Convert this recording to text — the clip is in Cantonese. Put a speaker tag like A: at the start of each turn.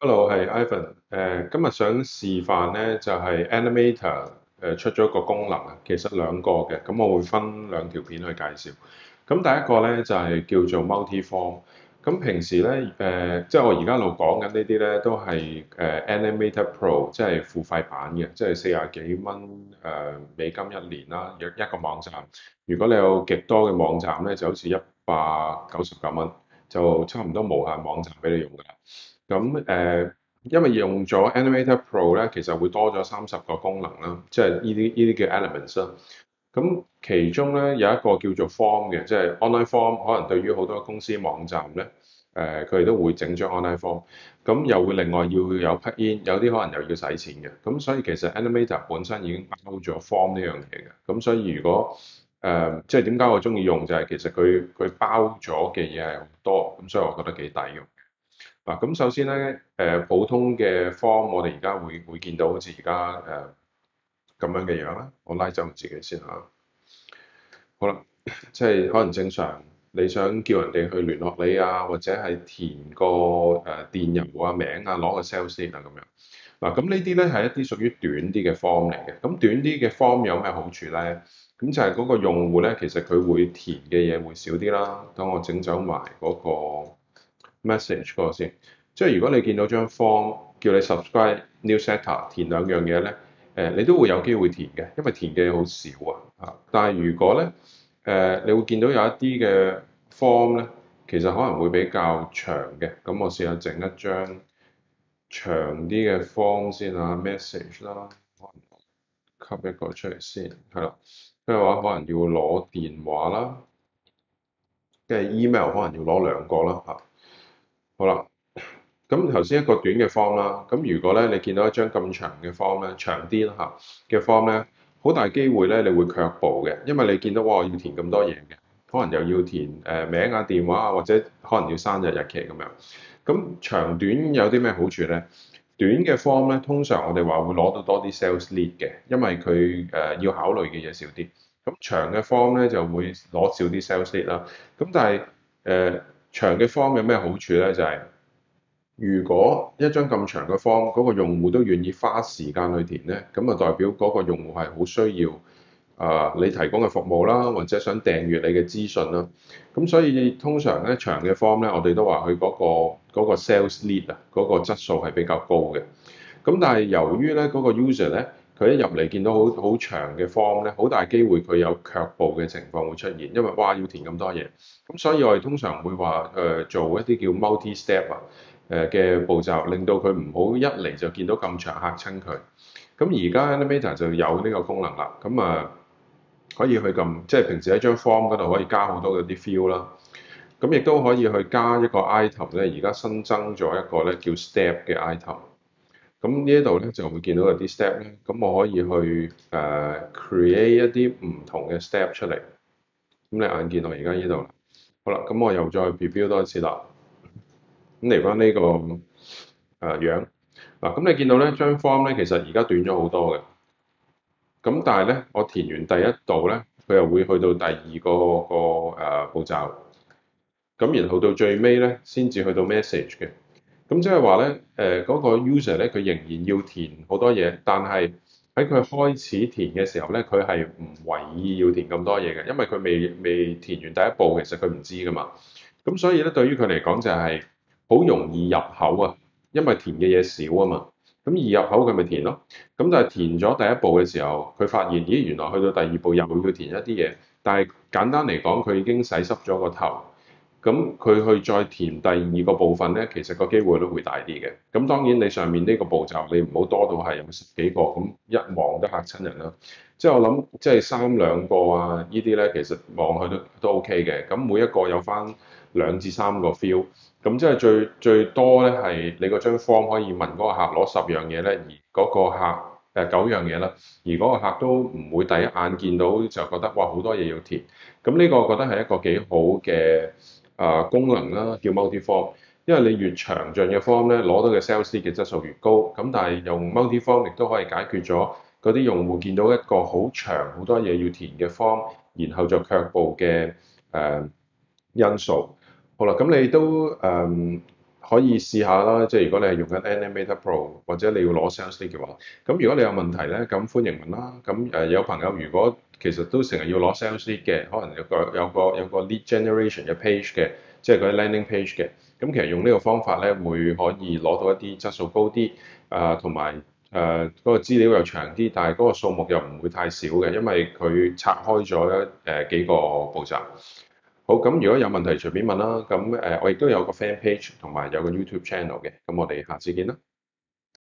A: Hello，我係 Ivan, uh。誒，今日想示範咧，就係、是、Animator 誒出咗個功能啊。其實兩個嘅，咁我會分兩條片去介紹。咁第一個咧，就係、是、叫做 MultiForm。咁平時咧，誒、呃，即係我而家度講緊呢啲咧，都係誒 Animator Pro，即係付費版嘅，即係四廿幾蚊誒美金一年啦，一一個網站。如果你有極多嘅網站咧，就好似一百九十九蚊，就差唔多無限網站俾你用噶啦。咁誒、呃，因為用咗 Animator Pro 咧，其實會多咗三十個功能啦，即係呢啲依啲叫 elements 啦。咁其中咧有一個叫做 form 嘅，即係 online form，可能對於好多公司網站咧，誒佢哋都會整張 online form。咁又會另外要有 plug-in，有啲可能又要使錢嘅。咁所以其實 Animator 本身已經包咗 form 呢樣嘢嘅。咁所以如果誒、呃，即係點解我中意用就係、是、其實佢佢包咗嘅嘢係好多，咁所以我覺得幾抵用。嗱，咁首先咧，誒、呃、普通嘅 form 我哋而家會會見到好似而家誒咁樣嘅樣咧。我拉走自己先嚇、啊。好啦，即、就、係、是、可能正常，你想叫人哋去聯絡你啊，或者係填個誒電郵啊、名啊、攞個 sale 先啊咁樣。嗱、啊，咁呢啲咧係一啲屬於短啲嘅 form 嚟嘅。咁短啲嘅 form 有咩好處咧？咁就係嗰個用戶咧，其實佢會填嘅嘢會少啲啦。等我整走埋、那、嗰個。message 嗰個先，即係如果你見到張 form，叫你 subscribe newsletter 填兩樣嘢咧，誒、呃、你都會有機會填嘅，因為填嘅好少啊，嚇！但係如果咧，誒、呃、你會見到有一啲嘅 form 咧，其實可能會比較長嘅，咁我試下整一張長啲嘅 form 先啊。message 啦，cut 一個出嚟先，係啦，跟住話可能要攞電話啦，跟住 email 可能要攞兩個啦，嚇。好啦，咁頭先一個短嘅 form 啦，咁如果咧你見到一張咁長嘅 form o 咧，長啲啦嘅 form o 咧，好大機會咧你會卻步嘅，因為你見到我要填咁多嘢嘅，可能又要填誒、呃、名啊電話啊或者可能要生日日期咁樣。咁長短有啲咩好處咧？短嘅 form o 咧通常我哋話會攞到多啲 sales lead 嘅，因為佢誒、呃、要考慮嘅嘢少啲。咁長嘅 form o 咧就會攞少啲 sales lead 啦。咁但係誒。長嘅 form 有咩好處咧？就係、是、如果一張咁長嘅 form，o 嗰個用戶都願意花時間去填咧，咁啊代表嗰個用戶係好需要啊、呃、你提供嘅服務啦，或者想訂閱你嘅資訊啦。咁所以通常咧長嘅 form o 咧，我哋都話佢嗰個 sales lead 啊，嗰個質素係比較高嘅。咁但係由於咧嗰、那個 user 咧。佢一入嚟見到好好長嘅 form 咧，好大機會佢有卻步嘅情況會出現，因為哇要填咁多嘢，咁所以我哋通常會話誒、呃、做一啲叫 multi-step 啊誒嘅步驟，呃、令到佢唔好一嚟就見到咁長嚇親佢。咁而家 Elementor 就有呢個功能啦，咁啊可以去撳，即係平時喺張 form 嗰度可以加好多嗰啲 field 啦。咁亦都可以去加一個 item 咧，而家新增咗一個咧叫 step 嘅 item。咁呢一度咧就會見到有啲 step 咧，咁我可以去誒、uh, create 一啲唔同嘅 step 出嚟。咁你眼見到而家呢度啦，好啦，咁我又再 review 多一次啦。咁嚟翻呢個誒、uh, 樣，嗱，咁你見到咧，張 form 咧其實而家短咗好多嘅。咁但係咧，我填完第一度咧，佢又會去到第二個個誒、啊、步驟。咁然後到最尾咧，先至去到 message 嘅。咁即係話咧，誒、嗰個 user 咧，佢仍然要填好多嘢，但係喺佢開始填嘅時候咧，佢係唔為意要填咁多嘢嘅，因為佢未未填完第一步，其實佢唔知噶嘛。咁所以咧，對於佢嚟講就係好容易入口啊，因為填嘅嘢少啊嘛。咁易入口佢咪填咯。咁但係填咗第一步嘅時候，佢發現咦，原來去到第二步又要填一啲嘢，但係簡單嚟講，佢已經洗濕咗個頭。咁佢去再填第二個部分咧，其實個機會都會大啲嘅。咁當然你上面呢個步驟，你唔好多到係有幾個，咁一望都嚇親人啦。即係我諗，即係三兩個啊，呢啲咧其實望去都都 OK 嘅。咁每一個有翻兩至三個 feel，咁即係最最多咧係你個張 form 可以問嗰個客攞十樣嘢咧，而嗰個客誒、呃、九樣嘢啦，而嗰個客都唔會第一眼見到就覺得哇好多嘢要填。咁呢個我覺得係一個幾好嘅。啊、呃，功能啦，叫 multi form，因為你越長盡嘅 form 咧，攞到嘅 sales lead 嘅質素越高，咁但係用 multi form 亦都可以解決咗嗰啲用戶見到一個好長好多嘢要填嘅 form，然後就卻步嘅誒、呃、因素。好啦，咁你都誒、呃、可以試下啦，即係如果你係用緊 Anymeta Pro 或者你要攞 sales lead 嘅話，咁如果你有問題咧，咁歡迎問啦。咁誒有朋友如果，其實都成日要攞 sales lead 嘅，可能有個有個有個 lead generation 嘅 page 嘅，即係嗰啲 landing page 嘅。咁其實用呢個方法咧，會可以攞到一啲質素高啲，誒同埋誒嗰個資料又長啲，但係嗰個數目又唔會太少嘅，因為佢拆開咗誒、呃、幾個步驟。好，咁如果有問題隨便問啦。咁誒、呃，我亦都有個 fan page 同埋有個 YouTube channel 嘅。咁我哋下次見啦。